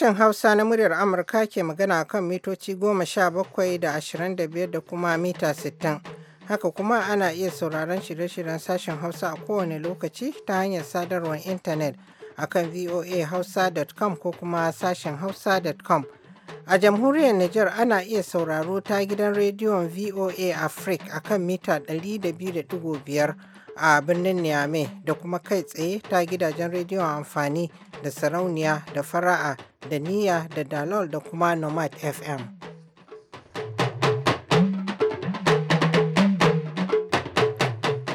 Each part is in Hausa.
Sashen Hausa na muryar Amurka ke magana kan mitoci goma sha bakwai da ashirin da biyar da kuma mita sittin. Haka kuma ana iya sauraron shirye-shiryen sashen Hausa a kowane lokaci ta hanyar sadarwar intanet a kan voahausa.com ko kuma sashen hausa.com. A jamhuriyar Nijar ana iya sauraro ta gidan rediyon VOA Africa a kan mita 200.5 a birnin Niamey da kuma kai tsaye ta gidajen rediyon amfani da sarauniya da fara'a da niyya da dalol da kuma nomad fm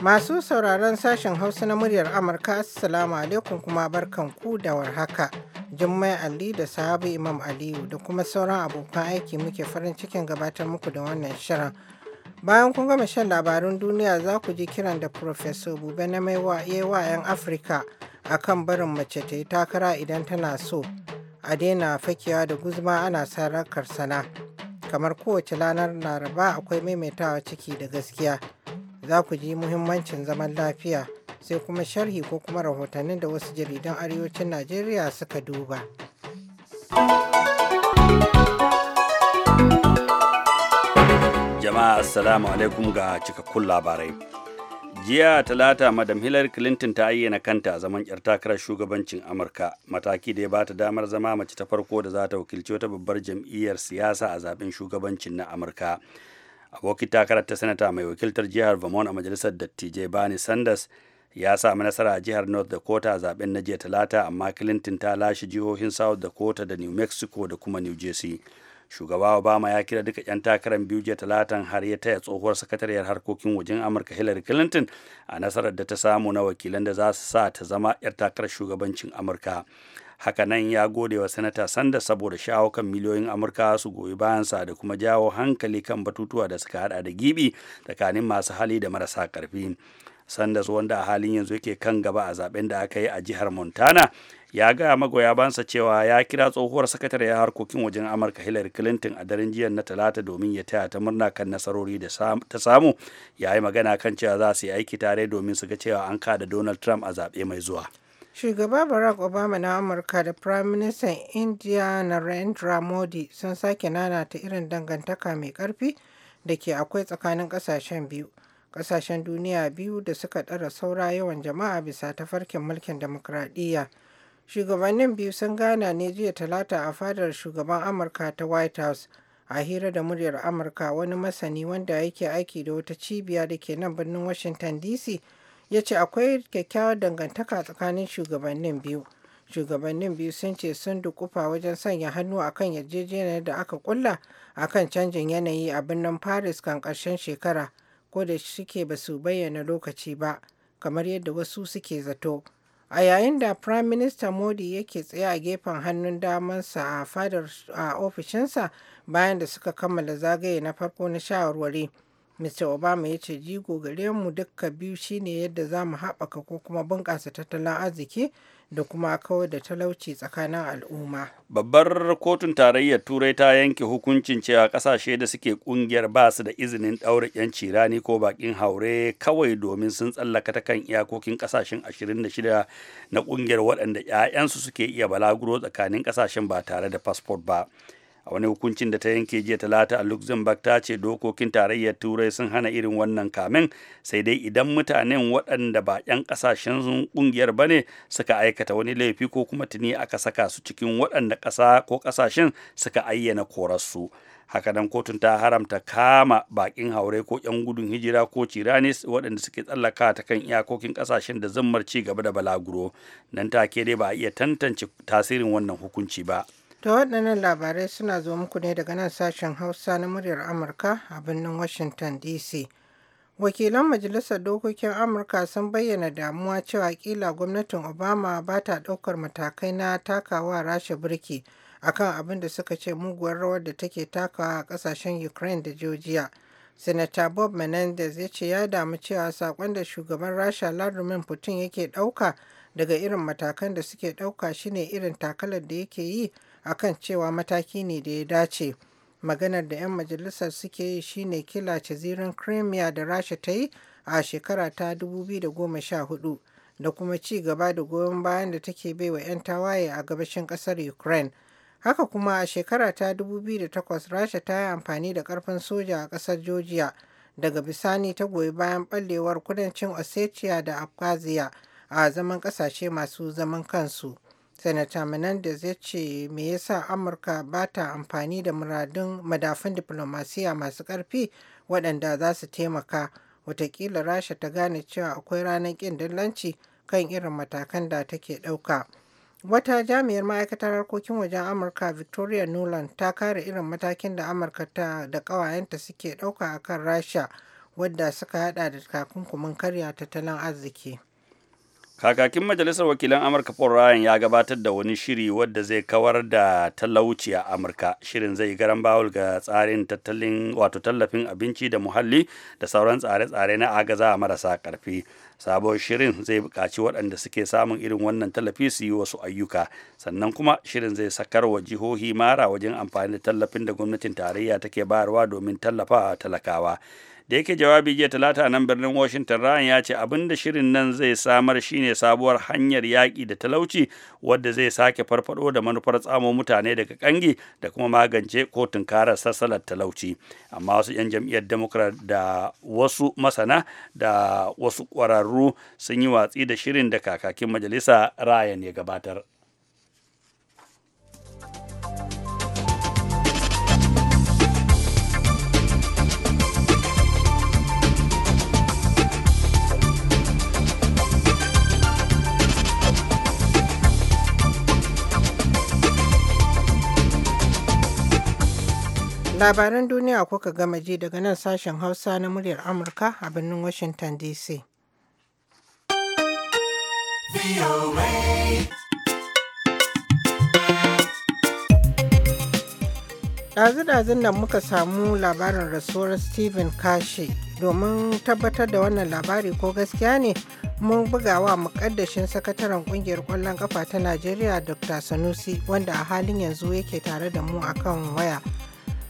masu sauraron sashen hausa na muryar amurka assalamu alaikum kuma barkan ku da warhaka jummai ali da sahabu imam aliyu da kuma sauran abokan aiki muke farin cikin gabatar muku da wannan shirin Bayan kun gama shan labarun duniya za ku ji kiran da Professor Bube na mai wa 'yan Afirka a kan barin mace ta yi takara idan tana so. A daina fakewa da guzma ana sarakar sana. Kamar kowace ranar Laraba akwai maimaitawa ciki da gaskiya. Za ku ji muhimmancin zaman lafiya sai kuma sharhi ko kuma rahotannin da wasu jaridan arewacin Najeriya suka duba. jama'a assalamu alaikum ga cikakkun labarai jiya talata madam hillary clinton ta ayyana kanta a zaman yar takarar shugabancin amurka mataki da ya bata damar zama mace ta farko da za ta wakilci wata babbar jam'iyyar siyasa a zaben shugabancin na amurka abokin takarar ta sanata mai wakiltar jihar vermont a majalisar dattijai bani sanders ya sami nasara a jihar north dakota a zaben na jiya talata amma clinton ta lashe jihohin south dakota da new mexico da kuma new jersey shugaba obama ya kira duka 'yan takarar biyu jiya talatan har ya taya tsohuwar sakatariyar harkokin wajen amurka hillary clinton a nasarar da ta samu na wakilan da za su sa ta zama 'yar takarar shugabancin amurka haka nan ya gode wa sanata sanda saboda shawo kan miliyoyin amurka su goyi bayansa da kuma jawo hankali kan batutuwa da suka hada da gibi tsakanin masu hali da marasa karfi sanders wanda a halin yanzu yake kan gaba a zaben da aka yi a jihar montana ya gaya magoya bansa cewa ya kira tsohuwar sakatare ya harkokin wajen amurka hillary clinton a daren jiya na talata domin ya taya ta murna kan nasarori da ta samu ya yi magana kan cewa za su yi aiki tare domin su ga cewa an kada donald trump a zaɓe mai zuwa shugaba barack obama na amurka da prime minister india narendra modi sun sake nana ta irin dangantaka mai karfi da ke akwai tsakanin kasashen biyu kasashen duniya biyu da suka ɗara saura yawan jama'a bisa tafarkin mulkin demokradiyya shugabannin biyu sun gana ne jiya talata a fadar shugaban amurka ta white house a hira da muryar amurka wani masani wanda yake aiki da wata cibiya da ke nan birnin washington dc ya ce akwai kyakkyawar dangantaka tsakanin shugabannin biyu shugabannin biyu sun ce sun dukufa wajen sanya hannu akan yarjejeniyar da aka kulla kan canjin yanayi a birnin paris kan ƙarshen shekara ko da suke ba su bayyana lokaci ba kamar yadda wasu suke zato A yayin da Firaminista Modi yake tsaye a gefen hannun damansa a fadar a ofishinsa bayan da suka kammala zagaye na farko na shawarwari, Mr. Obama ya ce jigo gare mu dukka biyu shine yadda za mu haɓaka ko kuma bunƙasa tattalin arziki da kuma kawai da talauci tsakanin al'umma. Babbar kotun tarayyar Turai ta yanke hukuncin cewa kasashe da suke kungiyar ba su da izinin ɗaure 'yanci rani ko bakin haure kawai domin sun tsallaka ta kan iyakokin kasashen 26 na kungiyar waɗanda 'ya'yansu suke iya balaguro tsakanin kasashen ba tare da fasfot ba. a wani hukuncin da ta yanke jiya talata a luxembourg ta ce dokokin tarayyar turai sun hana irin wannan kamin sai dai idan mutanen waɗanda ba 'yan ƙasashen ƙungiyar ba ne suka aikata wani laifi ko kuma tuni aka saka su cikin waɗanda ƙasa ko ƙasashen suka ayyana korarsu hakanan kotun ta haramta kama bakin haure ko 'yan gudun hijira ko ciranis waɗanda suke tsallaka ta kan iyakokin ƙasashen da zammar ci gaba da balaguro nan take dai ba a iya tantance tasirin wannan hukunci ba. To waɗannan labarai suna zo muku ne daga nan sashen Hausa na muryar Amurka a birnin Washington DC. Wakilan Majalisar Dokokin Amurka sun bayyana damuwa cewa kila gwamnatin Obama ba ta ɗaukar matakai na takawa rasha birki akan abin da suka ce muguwar rawar da take takawa a ƙasashen Ukraine da Georgia. senata Bob Menendez ya ce ya damu cewa saƙon da shugaban Rasha Vladimir Putin yake ɗauka daga irin matakan da suke ɗauka shine irin takalar da yake yi akan cewa mataki ne da ya dace maganar da 'yan majalisar suke yi shine kila zirin crimea da rasha ta yi a shekara ta 2014 da kuma ci gaba da goyon bayan da take bai wa 'yan tawaye a gabashin kasar ukraine haka kuma a shekara ta 2008 rasha ta yi amfani da karfin soja a kasar georgia daga bisani ta goyi bayan ɓallewar kudancin ossetia da abkhazia a zaman ƙasashe masu zaman kansu Sanata Menendez ya ce me yasa Amurka ba ta amfani da muradun madafin diplomasiya masu ƙarfi waɗanda za su taimaka watakila Rasha ta gane cewa akwai ranar ƙin dillanci kan irin matakan da take ɗauka. Wata jami'ar ma'aikatar harkokin wajen Amurka Victoria Nuland ta kare irin matakin da Amurka ta da ƙawayenta suke ɗauka a kan Rasha wadda suka hada da takunkumin karya tattalin arziki. kakakin majalisar wakilan amurka paul ryan ya gabatar da wani shiri wadda zai kawar da talauci a amurka shirin zai garan bawul ga tsarin tattalin wato tallafin abinci da muhalli da sauran tsare-tsare na agaza a marasa karfi sabon shirin zai buƙaci waɗanda suke samun irin wannan tallafi su yi wasu ayyuka sannan kuma shirin zai sakar wa jihohi mara wajen amfani da tallafin da gwamnatin tarayya take bayarwa domin tallafa talakawa da yake jawabi jiya talata a nan birnin washington ryan ya ce abin da shirin nan zai samar shine sabuwar hanyar yaƙi da talauci wadda zai sake farfado da manufar tsamo mutane daga kangi da kuma magance ko tunkarar sassalar talauci amma wasu 'yan jam'iyyar democrat da wasu masana da wasu ƙwararru sun yi watsi da shirin da kakakin majalisa ryan ya gabatar Labaran duniya kuka gama ji daga nan sashen Hausa na muryar Amurka a birnin Washington DC. dazu dazun nan muka samu labarin rasuwar Stephen Kashi domin tabbatar da wannan labari ko gaskiya ne mun bugawa mukaddashin sakataren kungiyar ƙwallon ƙafa ta Najeriya Dr. Sanusi wanda a halin yanzu yake tare da mu akan waya.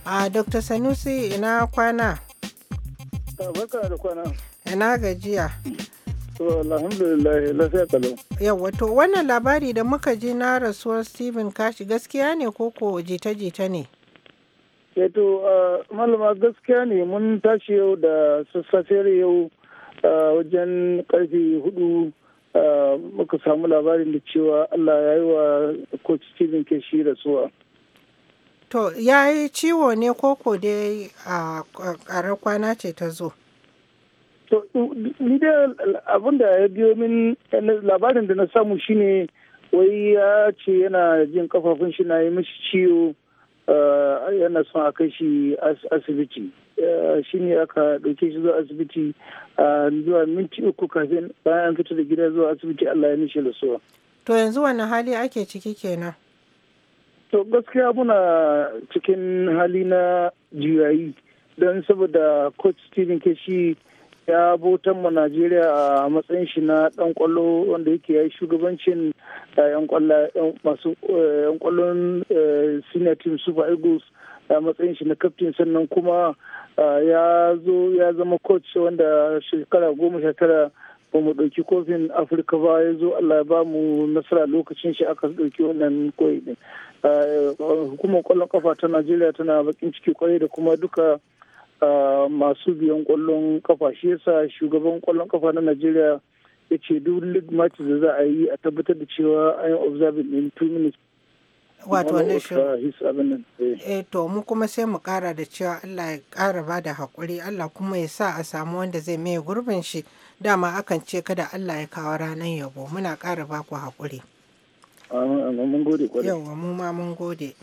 A Dr. Sanusi ina kwana? Barka da kwana. Ina gajiya. To alhamdulillah lafiya kalau. Yawwa to wannan labari da muka ji na rasuwar Stephen Kashi gaskiya ne ko ko jita-jita ne? Eto malama gaskiya ne mun tashi yau da sassafiyar yau wajen karfe hudu muka samu labarin da cewa Allah ya yi wa Coach Stephen Kashi rasuwa. To ya yi ciwo ne koko dai a ƙarar kwana ce ta zo? To ni dai abin da ya biyo min labarin da na samu shine wai ya ce yana jin kafafun shi na yi mishi ciwo yana son a kai shi asibiti. shi ne aka ɗauke shi zuwa asibiti zuwa minti uku kafin bayan an fito da gida zuwa asibiti Allah ya nishe da To yanzu wani hali ake ciki kenan? To gaskiya muna cikin hali na juyayi don saboda coach Steven Keshi ya botan mu Najeriya a matsayin shi na dan kwallo wanda yake yi shugabancin eh, masu yan eh, kwallon eh, senior team Super Eagles a matsayin shi na captain sannan kuma ya zo ya zama coach wanda shekara goma sha tara ba mu ɗauki kofin afirka ba ya zo allah ya ba mu nasara lokacin shi aka ɗauki wannan koyi ɗin ah, hukumar ƙwallon kafa ta najeriya tana bakin ciki kwarai da kuma duka ah, masu biyan kwallon kafa shi yasa shugaban kwallon kafa na najeriya ya ce duk league match da za a yi a tabbatar da cewa an yi observing in two minutes wato eh. eh to mu kuma sai mu kara da cewa Allah ya kara ba da haƙuri Allah kuma ya sa a samu wanda zai maye gurbin shi dama akan ce kada Allah ya kawo ranar yabo muna ƙara baku ku haƙuri. mun Yawwa mu ma mun gode.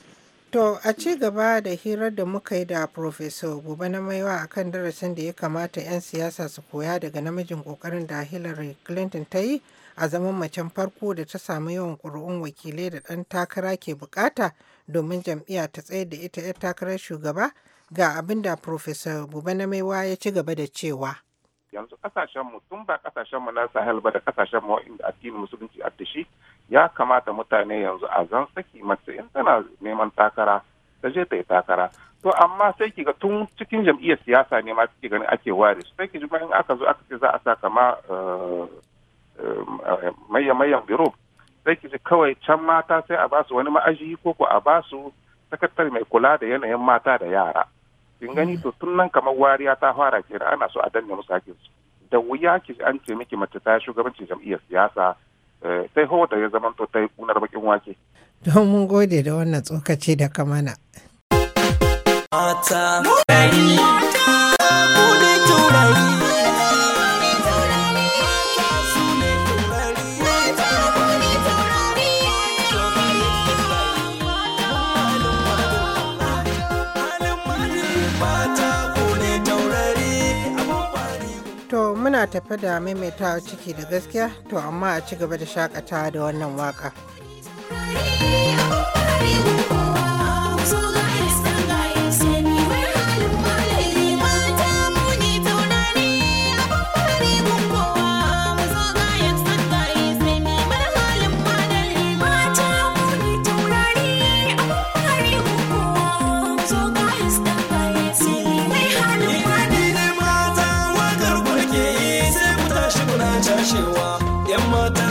To a ci gaba da hirar da muka yi da Professor Gobe na Maiwa kan darasin da ya kamata 'yan siyasa su koya daga namijin kokarin da Hillary Clinton ta yi a zaman macen farko da ta samu yawan ƙuri'un wakilai da ɗan takara ke bukata domin jam'iyya ta tsaye da ita 'yar takarar shugaba ga abin da Professor Gobe na Maiwa ya ci gaba da cewa. yanzu kasashen mu tun ba kasashen mu na sahel ba da kasashen mu inda addinin musulunci a dashi ya kamata mutane yanzu a zan saki mace in tana neman takara ta je ta yi takara to amma sai ki ga tun cikin jam'iyyar siyasa ne ma kike ganin ake ware su sai ki ji in aka zo aka ce za a sa kama mayan mayan biro sai ki ji kawai can mata sai a basu wani ma'aji ko ko a basu sakatare mai kula da yanayin mata da yara kin gani to tun nan kamar wariya ta fara kira ana so a danne musu hakin su da wuya ki an ce miki mace ta shugabanci jam'iyyar siyasa eh, sai ho da ya zama to ta kunar bakin wake don mun gode da wannan tsokaci da kamana mata tafi da maimaitawa ciki da gaskiya to amma a ci gaba da shakatawa da wannan waka. kashewa 'yan mata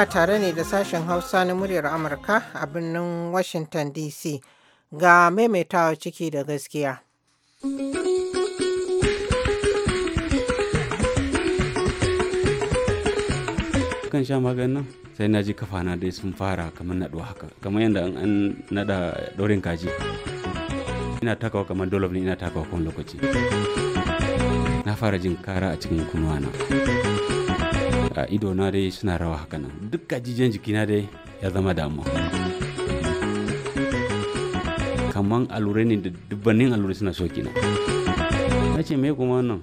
Kuna tare ne da sashen Hausa na muryar Amurka a birnin Washington DC ga maimaitawa ciki da gaskiya. Kan sha maganin sai na ji kafana dai sun fara kamar naɗuwa haka, kamar yadda an naɗa ɗorin kaji. Ina takawa kamar dolof ne ina takawa kowane lokaci. Na fara jin kara a cikin kunuwana. a idona dai suna rawa haka nan duk gajijen jikina dai ya zama damuwa kamar alurai ne da dubbanin alurai suna so kina na ce mai kuma wannan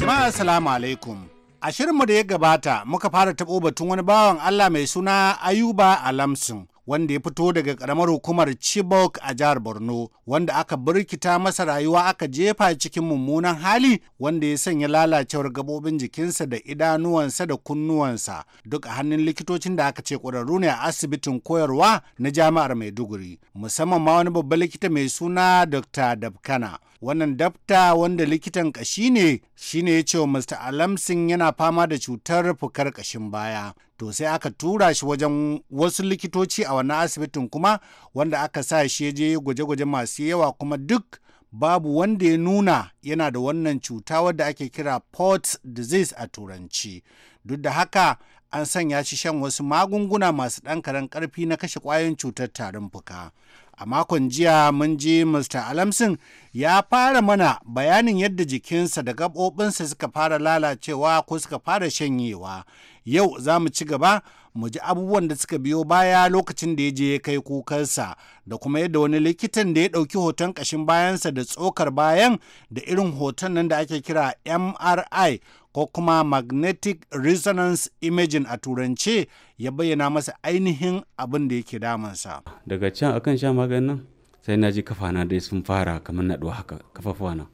jama'a assalamu alaikum a shirinmu da ya gabata muka fara taɓo batun wani bawan allah mai suna ayuba alamsin wanda ya fito daga karamar hukumar Chibok a jihar Borno wanda aka birkita masa rayuwa aka jefa cikin mummunan hali wanda ya sanya lalacewar gabobin jikinsa da idanuwansa da kunnuwansa duk a hannun likitocin da aka ce ƙwararru ne a asibitin koyarwa na jami'ar Maiduguri musamman ma wani babban likita mai suna Dr. Dabkana wannan dabta wanda likitan ƙashi ne shine ya ce wa Mr. Alamsin yana fama da cutar fukar ƙashin baya. To sai aka tura shi wajen wasu likitoci a wani asibitin kuma wanda aka sa shi je gwaje-gwaje masu yawa kuma duk babu wanda ya nuna yana da wannan cuta wadda ake kira Port disease a turanci. Duk da haka an sanya shi shan wasu magunguna masu ɗan karen ƙarfi na kashe ƙwayoyin cutar tarin fuka. A makon jiya mun ji Mr. Alamsin ya fara mana bayanin yadda jikinsa da gaɓoɓinsa suka fara lalacewa ko suka fara shanyewa. Yau za mu ci gaba mu ji abubuwan da suka biyo baya lokacin da ya je ya kai kukansa da kuma yadda wani likitan da ya ɗauki hoton ƙashin bayansa da tsokar bayan da irin hoton nan da ake kira MRI ko kuma Magnetic Resonance Imaging a turance ya bayyana masa ainihin abin da yake damansa. Daga can akan sha maganin sai na ji kafana dai sun fara kamar naɗo haka kafafuwa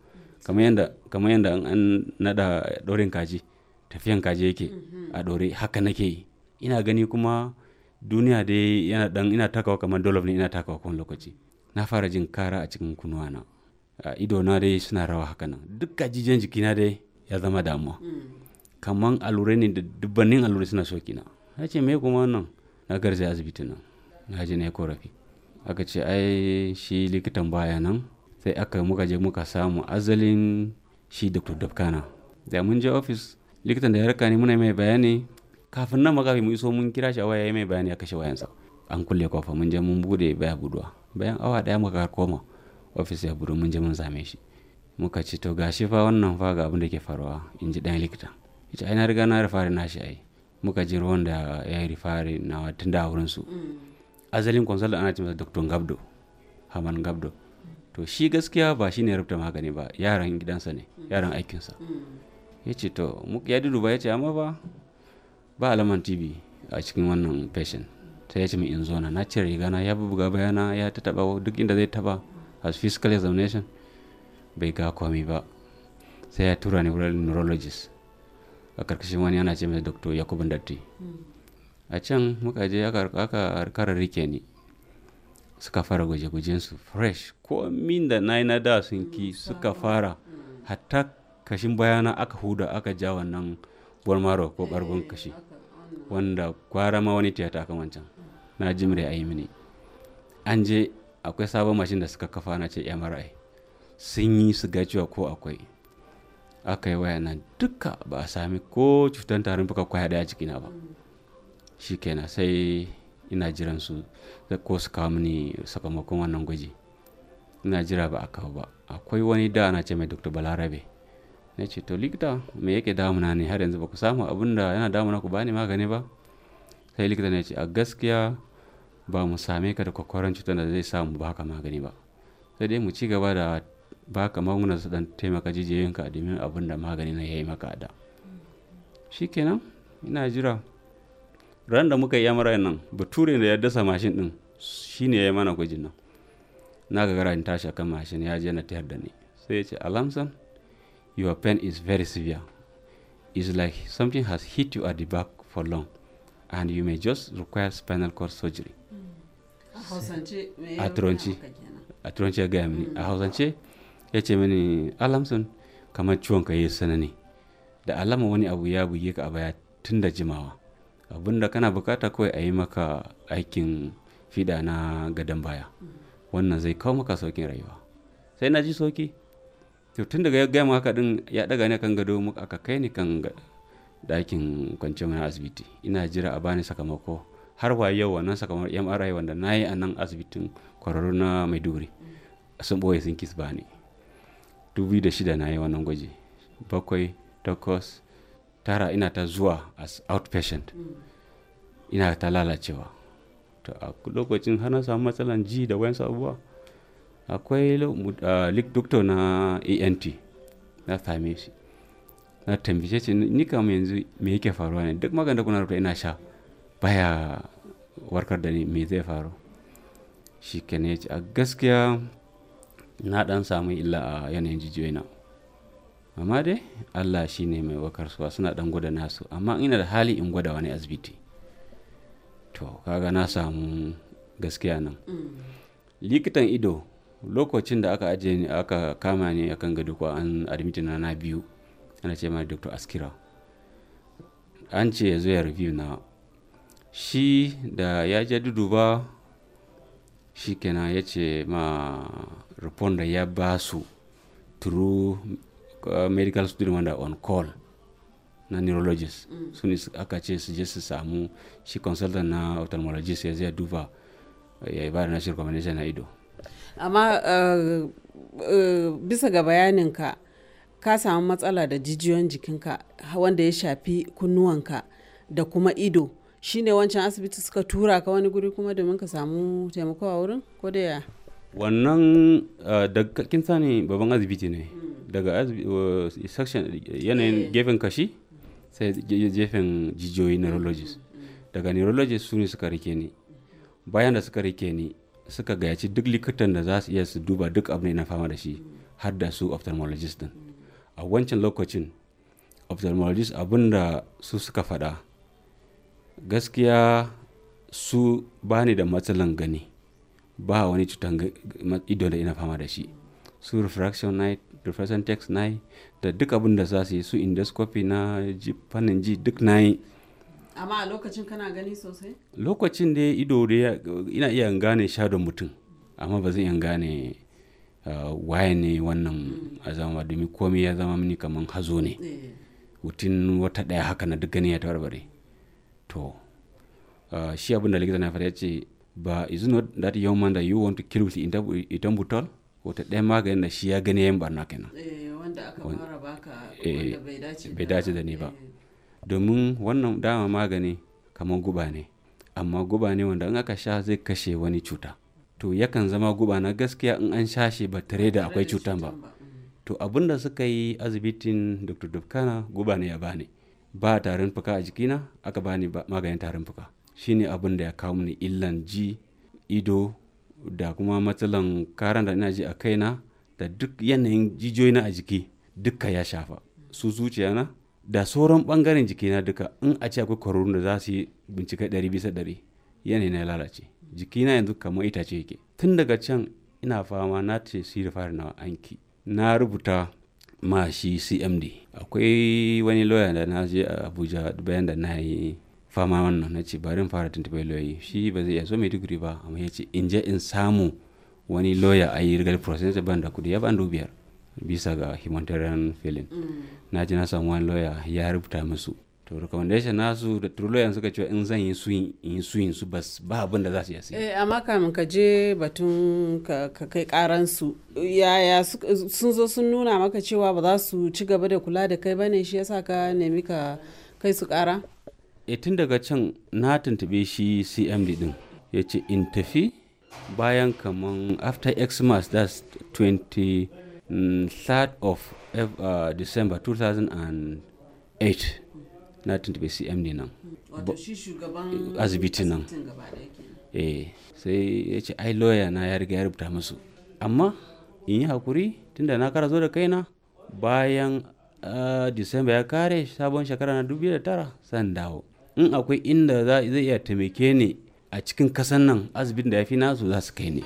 kamar kamar yadda an naɗa ɗorin kaji tafiyan kaji yake a ɗore haka nake yi ina gani kuma duniya dai yana dan ina takawa kamar dolof ne ina takawa kowane lokaci na fara jin kara a cikin na a ido na dai suna rawa haka nan duk jiki na dai ya zama damuwa kamar alure ne da dubbanin alure suna soki na na ce me kuma wannan na garzaya asibiti nan na ji na yi korafi aka ce ai shi likitan baya nan sai aka muka je muka samu azalin shi da dabkana da mun je ofis likitan da ya raka ne muna mai bayani kafin nan makafi mu iso mun kira shi a waya ya mai bayani ya kashe wayansa an kulle kofa mun je mun bude baya buduwa bayan awa daya muka koma ofis ya budu mun je mun same shi muka ce to gashi fa wannan fa ga abin da ke faruwa in ji dan likita ita ai na riga na rifari na shi ai muka ji ruwan da ya yi rifari na tun da wurin su mm. azalin consultant ana ce masa dr gabdo haman gabdo to shi gaskiya ba shi ne rubuta magani ba yaran gidansa ne yaran aikinsa ya ce to ya ba ya ce amma ba ba alaman tv a cikin wannan fashion sai ya ce min in zo na cire rigana ya bubuga bayana ya ta taba duk inda zai taba as physical examination bai ga komai ba sai ya tura ni wurin neurologist a karkashin wani ana ce mai dr yakubu datti a can muka je aka kara rike ni suka fara guje-gujensu fresh komin da na yi na da sun ki suka fara hatta kashin bayana aka huda aka ja wannan maro ko barbun kashi wanda kwara ma wani tiyata kan wancan na jimre a yi mini an je akwai sabon mashin da suka kafa na ce mri sun yi su ga cewa ko akwai aka yi waya nan duka ba a sami ko cutar tarin fuka kwaya daya cikina ba shi kenan sai ina jiran su ko su kawo mini sakamakon wannan gwaji ina jira ba a kawo ba akwai wani da ana ce mai dr balarabe na ce to likita me yake damuna ne har yanzu ba ku samu abin da yana damuna ku bani magani ba sai likita ne ce a gaskiya ba mu same ka da kwakwaran cutar da zai samu ba haka magani ba sai dai mu ci gaba da ka magunguna su dan taimaka jijiyoyinka domin abin da magani na ya yi maka da shikenan ina jira ran da muka yi MRI nan bature da ya dasa mashin din shine ya mana gwajin nan na ga gara tashi kan mashin ya je na tayar da ni sai ya ce alamsan your pain is very severe it's like something has hit you at the back for long and you may just require spinal cord surgery a turanci ya gaya mini a mm. hausance ya ce mini alamsun kamar ciwon ka yi sanani da alama wani abu ya buge ka a baya tun da jimawa abinda kana bukata kawai a yi maka aikin fiɗa na gadon baya wannan zai kawo maka saukin rayuwa sai na ji sauki to daga ya gama haka din ya daga ni kan gado muka aka kai ni kan dakin kwanciyar mana asibiti ina jira a bani sakamako har wa yau wannan sakamakon MRI wanda na yi a nan asibitin kwararru na Maiduguri sun boye sun kis bani dubi da shida na yi wannan gwaji bakwai takwas tara ina ta zuwa as outpatient ina ta lalacewa to a lokacin har na samu matsalan ji da wayan abubuwa akwai doctor na ent na same na tambaye shi ni kam yanzu me yake faruwa ne duk magana kuna rubuta ina sha baya warkar da ni me zai faru shi kenan ne a gaskiya na dan samu illa a yanayin jijiyoyi na amma dai allah shi ne mai wakar wakarsuwa suna dan gwada nasu amma ina da hali in gwada wani asibiti to kaga na samu gaskiya nan mm. likitan ido lokacin da aka ajiye ni aka kama ni akan gado ko an admit na na biyu ana ce ma dr askira an ce ya zo ya review na shi da ya je duduba shi kenan ya ce ma rufon da ya ba su turu Uh, medical student wanda on call na neurologist mm. sun aka ce su je su samu shi consultant na ophthalmologist ya zai duba ya yi bada nashi recommendation na ido amma uh, uh, bisa ga bayaninka ka samu matsala da jijiyoyin jikinka wanda ya shafi kunnuwanka da kuma ido shi ne wancan asibiti suka tura ka wani guri kuma domin ka samu taimako a wurin ko da ya wannan uh, da kin sani babban asibiti ne mm. daga uh, section yanayin eh. gefen kashi sai gefen jijiyoyi neurologist mm-hmm. daga neurologist su ne suka rike ni bayan da suka rike ni suka gayaci duk likitan da za su iya su duba duk abin na fama da shi har da su ophthalmologist din a wancan lokacin ophthalmologist abin da su suka faɗa gaskiya su ba ni da matsalan gani ba wani cutan ido da ina fama da shi su refraction night professor text na yi da duk abin da za su yi su endoscopy na fannin ji duk na yi amma a lokacin kana gani sosai lokacin da ido da ya ina iya gane shadon mutum amma ba zan iya gane ah, waye ne wannan a zama domin komai ya zama mini kamar hazo ne wutin eh. wata ɗaya haka na duk gani ya tabarbare to ah, shi abin da likita na faɗa ya ce ba is not that young man that you want to kill with ethambutol wata ɗaya maganin da shi ya gani yayin barna kenan eh, wanda aka fara baka eh, wanda bai dace da ni ba eh. domin wannan dama magani kamar guba ne amma guba ne wanda in aka sha zai kashe wani cuta to yakan zama guba na gaskiya in an sha shi ba tare da akwai cutan ba mm. to abin da suka yi asibitin dr dukkana guba ne ya bani ba tarin fuka a jikina aka bani maganin tarin fuka shine abin da ya kawo mini illan ji ido da kuma matsalan karan da ina ji a kaina da duk yanayin jijiyoyina a jiki duka ya shafa su zuciya na da sauran bangaren jikina duka in a ce akwai kwararrun da za su yi bincike ɗari bisa ɗari yanayi na lalace jiki na yanzu kamar itace yake tun daga can ina fama na ce su da fara na anki na rubuta ma shi cmd akwai wani lauya da na je a abuja bayan da na yi fama wannan na ce bari in fara tuntuɓe lawyer shi ba zai iya so mai digiri ba amma ya ce in je in samu wani lawyer a yi rigar process ban da kudi ya ban biyar bisa ga humanitarian filin mm. na ji na samu wani lawyer ya rubuta musu to recommendation nasu da lauyan suka cewa in zan yi suyin in su bas ba abin da za su yasi eh amma kamin ka je batun ka kai karan su yaya sun zo sun nuna maka cewa ba za su ci gaba da kula da kai bane shi yasa ka nemi ka kai su kara e tun daga can na tuntube shi cmd din ya ce in tafi bayan kaman after xmas that's 23rd mm, of uh, december 2008 na tuntube cmd nan asibiti nan eh sai ya ce ai lawyer na ya riga ya rubuta musu amma in yi hakuri tunda na kara zo da kaina bayan uh, disamba ya kare sabon shekara na 2009 san dawo in akwai inda zai iya taimake ni a cikin kasan nan azubin da ya fi nasu za su kai ni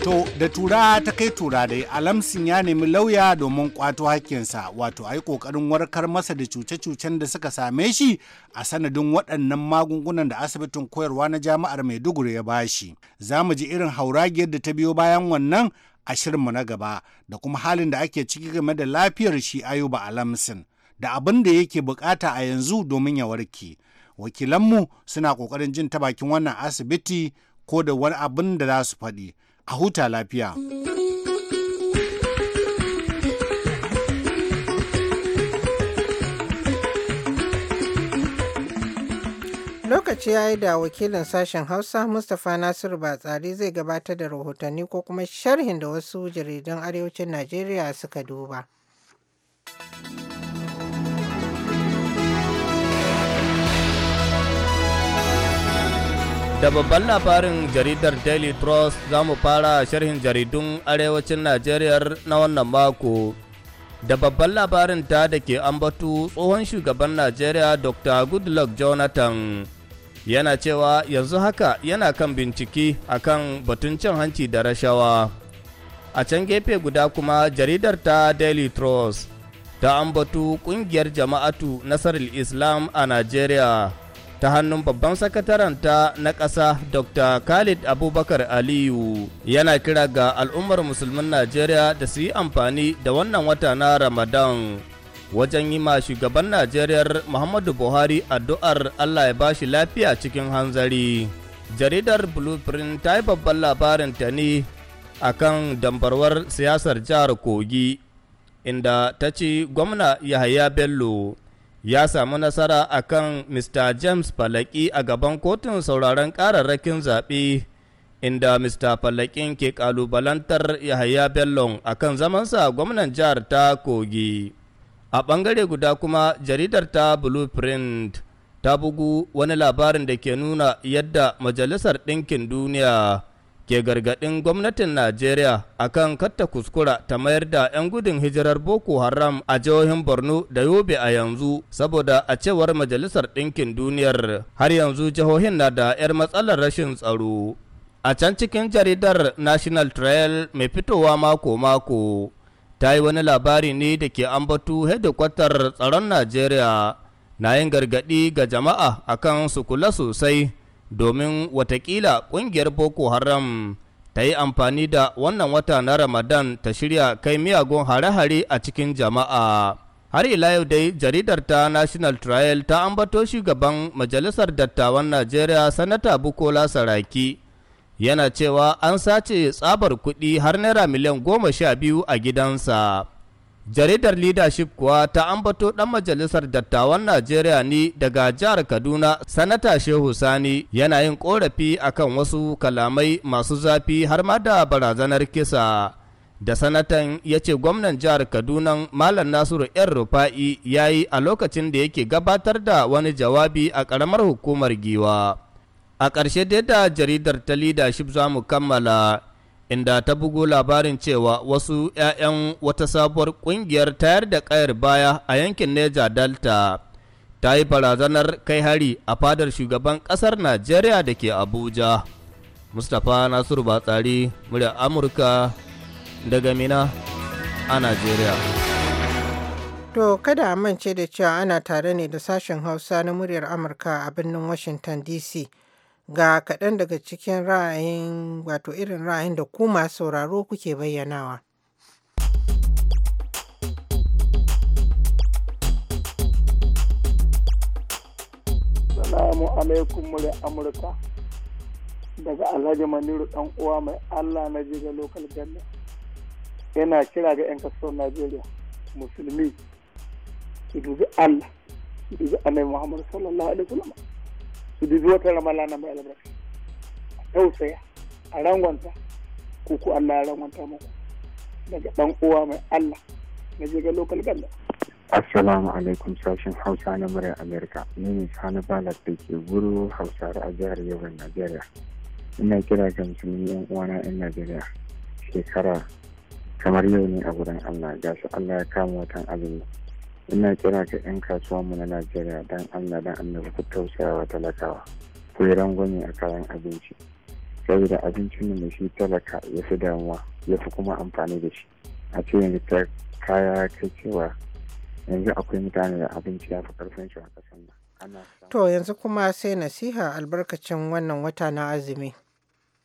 to da tura ta kai tura dai alamsin ya nemi lauya domin kwato hakkinsa wato ai kokarin warkar masa da cuce-cucen da suka same shi a sanadin waɗannan magungunan da asibitin koyarwa na jami'ar maiduguri ya bashi za mu ji irin hauragiyar da ta biyo bayan wannan a mu na gaba da kuma halin da ake ciki game da lafiyar shi ayuba alamsin da abin da yake bukata a yanzu domin ya warke wakilanmu suna kokarin jin ta bakin wannan asibiti ko da wani abin da za su faɗi a huta lafiya. lokaci ya yi da wakilin sashen hausa mustapha nasiru batsari zai gabatar da rahotanni ko kuma sharhin da wasu jaridun arewacin najeriya suka duba. Da babban labarin jaridar Daily Trust za mu fara sharhin jaridun arewacin Najeriya na wannan mako. Da babban labarin ta da ke ambatu tsohon shugaban Najeriya Dr. Goodluck Jonathan yana cewa yanzu haka yana kan bincike kan batun cin hanci da rashawa. A can gefe guda kuma jaridar ta Daily Trust ta ambatu kungiyar jama'atu Nasarar Islam a Najeriya. ta hannun babban sakataranta na ƙasa dr khalid abubakar aliyu yana kira ga al'ummar musulmin najeriya da su yi amfani da wannan wata na ramadan wajen yi ma shugaban najeriya muhammadu buhari addu'ar allah ya bashi lafiya cikin hanzari jaridar blueprint ta yi babban labarin ta ne a kan dambarwar siyasar jihar kogi inda ta ce gwamna yahaya bello ya samu nasara a kan Mr. James Falaki a gaban kotun sauraron ƙararrakin zaɓe, inda Mr. Falakin ke ƙalubalantar Yahaya bellon a kan zamansa gwamnan jihar ta Kogi. A ɓangare guda kuma jaridar ta Blueprint ta bugu wani labarin da ke nuna yadda Majalisar Ɗinkin Duniya ke gargaɗin gwamnatin Najeriya akan katta kuskura ta mayar da 'yan gudun hijirar Boko Haram a jihohin Borno da Yobe a yanzu saboda a cewar Majalisar Ɗinkin Duniyar har yanzu jihohin na da 'yar matsalar rashin tsaro. A can cikin jaridar National Trail mai fitowa mako-mako ta yi wani labari ne da ke ambatu hedikwatar tsaron Najeriya na yin gargaɗi ga jama'a akan su kula sosai. domin watakila kungiyar Boko Haram ta yi amfani da wannan wata na Ramadan ta shirya kai miyagun hare-hare a cikin jama'a. Har ila yau dai jaridar ta National Trial ta ambato shugaban Majalisar Dattawan Najeriya Sanata Bukola Saraki yana cewa an sace tsabar kuɗi har naira miliyan goma sha biyu a gidansa. Jaridar Leadership kuwa ta ambato ɗan majalisar dattawan Najeriya ne daga jihar Kaduna, Sanata Shehu Sani yana yin ƙorafi akan wasu kalamai masu zafi har ma da barazanar kisa. Da sanatan ya ce gwamnan jihar Kaduna Malam Nasiru ‘yan Rufa'i ya yi a lokacin da yake gabatar da wani jawabi a ƙaramar hukumar Giwa. A ƙarshe dai da jaridar ta Leadership za mu kammala. inda ta bugo labarin cewa wasu 'ya'yan wata sabuwar ƙungiyar tayar da ƙayar baya a yankin Neja Delta ta yi barazanar kai hari a fadar shugaban ƙasar Najeriya da ke Abuja. Mustapha Nasiru Batsari, murya Amurka daga Mina a Najeriya. To kada a mance da cewa ana tare ne da sashen Hausa na muryar Amurka a birnin Washington DC. Ga kaɗan daga cikin ra'ayin wato irin ra'ayin da ku masu sauraro kuke bayyanawa. Salamu alaikum mure Amurka daga Alhaji Maniru ɗan uwa mai Allah na jiga lokal ganna. Yana kira ga 'yan kasuwar Najeriya musulmi ki dubi Allah ki dubi Annabi Muhammad sallallahu alaihi wasallam. su dubi wata ramalana mai albarka a tausaya a rangonta ko ku Allah ya rangonta muku daga dan uwa mai Allah na ga local ganda Assalamu alaikum sashen Hausa na murya Amerika. Ni ne Sani Balak da ke guru Hausa a jihar Yobe, Najeriya. Ina kira ga musulmi yan uwana yan Najeriya. Shekara kamar yau ne a wurin Allah. ga su Allah ya kama watan azumi. ina kira ga 'yan kasuwa mu na najeriya don allah don annabi ku tausayawa talakawa ku yi rangwame a kayan abinci saboda abincin da shi talaka ya fi damuwa ya fi kuma amfani da shi a ce yanzu ta kaya kai cewa yanzu akwai mutane da abinci ya fi karfin shi a kasan nan to yanzu kuma sai nasiha albarkacin wannan wata na azumi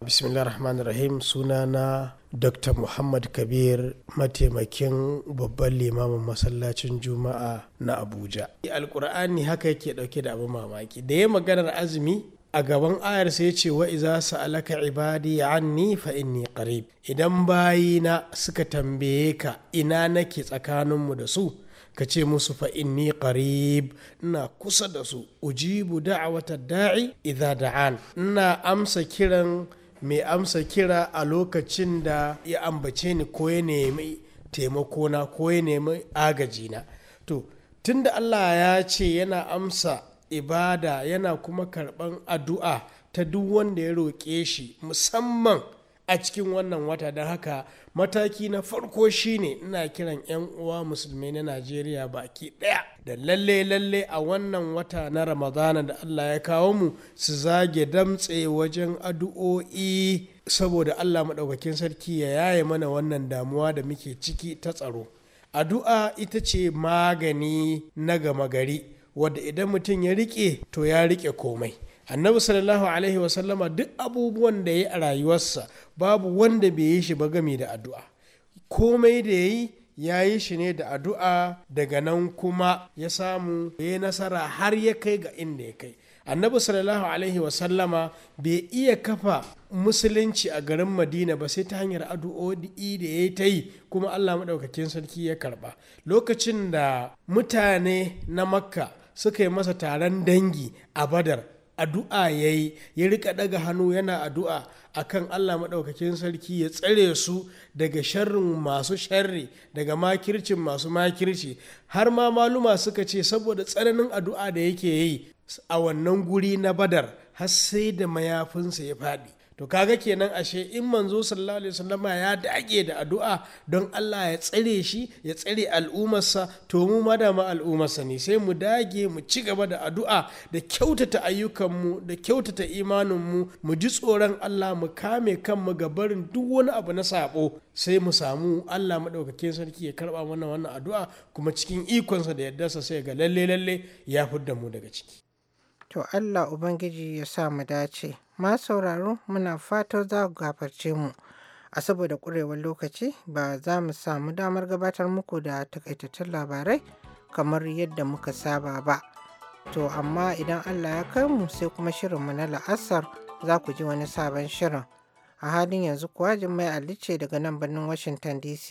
bismillahirrahmanirrahim sunana dr muhammad kabir mataimakin babban limamin masallacin juma'a na abuja alkur'ani haka yake dauke da abin mamaki da ya maganar azumi a gaban ayar sai ce wa iza sa'alaka ibadi anni fa inni qarib idan bayina suka tambaye ka ina nake tsakaninmu da su ka ce musu fa inni qarib ina kusa da su ujibu da'awata da'i idza da'an ina amsa kiran mai amsa kira a lokacin da ya ambace ni ko ya nemi taimakona ko ya nemi agajina to tunda allah ya ce yana amsa ibada yana kuma karban addu'a ta duk wanda ya roƙe shi musamman a cikin wannan wata don haka mataki na farko shine ina kiran 'yan uwa musulmai na najeriya baki daya da lalle lalle a wannan wata na ramadana da allah ya kawo mu su zage damtse wajen addu'o'i saboda allah maɗaukakin sarki ya yaye mana wannan damuwa da muke ciki ta tsaro addu'a ita ce magani na gama gari wadda idan mutum ya rike to ya rike komai annabi sallallahu alaihi wasallama duk abubuwan da ya yi a rayuwarsa babu wanda bai yi shi ba gami da addu'a komai da ya yi ya yi shi ne da addu'a daga nan kuma ya samu ya nasara har ya kai ga inda ya kai annabi sallallahu alaihi wasallama bai iya kafa musulunci a garin madina ba sai ta hanyar addu'o'i da ya ta yi kuma allah maɗaukakin sarki ya karɓa lokacin da mutane na makka suka yi masa taron dangi a badar addu'a ya yi ya rika daga hannu yana addu'a a kan allah maɗaukakin sarki ya tsare su daga sharrin masu sharri daga makircin masu makirci har ma maluma suka ce saboda tsananin addu'a da yake yi a wannan guri na badar har sai da mayafinsa ya faɗi to kaga kenan ashe in manzo sallallahu alaihi wasallama ya dage da addu'a don Allah ya tsare shi ya tsare al'ummarsa to mu ma da ma al'ummarsa ne sai mu dage mu ci gaba da addu'a da kyautata ayyukan mu da kyautata imanin mu mu ji tsoron Allah mu kame kanmu ga barin duk wani abu na sabo sai mu samu Allah madaukakin sarki ya karba mana wannan addu'a kuma cikin ikonsa da yaddarsa sai ga lalle lalle ya fudda mu daga ciki To Allah Ubangiji ya sa mu dace. Ma sauraro muna fatar za ku gafarce mu. A saboda ƙurewar lokaci ba za mu samu damar gabatar muku da takaitattun labarai kamar yadda muka saba ba. To amma idan Allah ya kai mu sai kuma shirin mu na la'asar za ku ji wani sabon shirin. A halin yanzu kuwa Jummai Ali ce daga nan birnin Washington DC.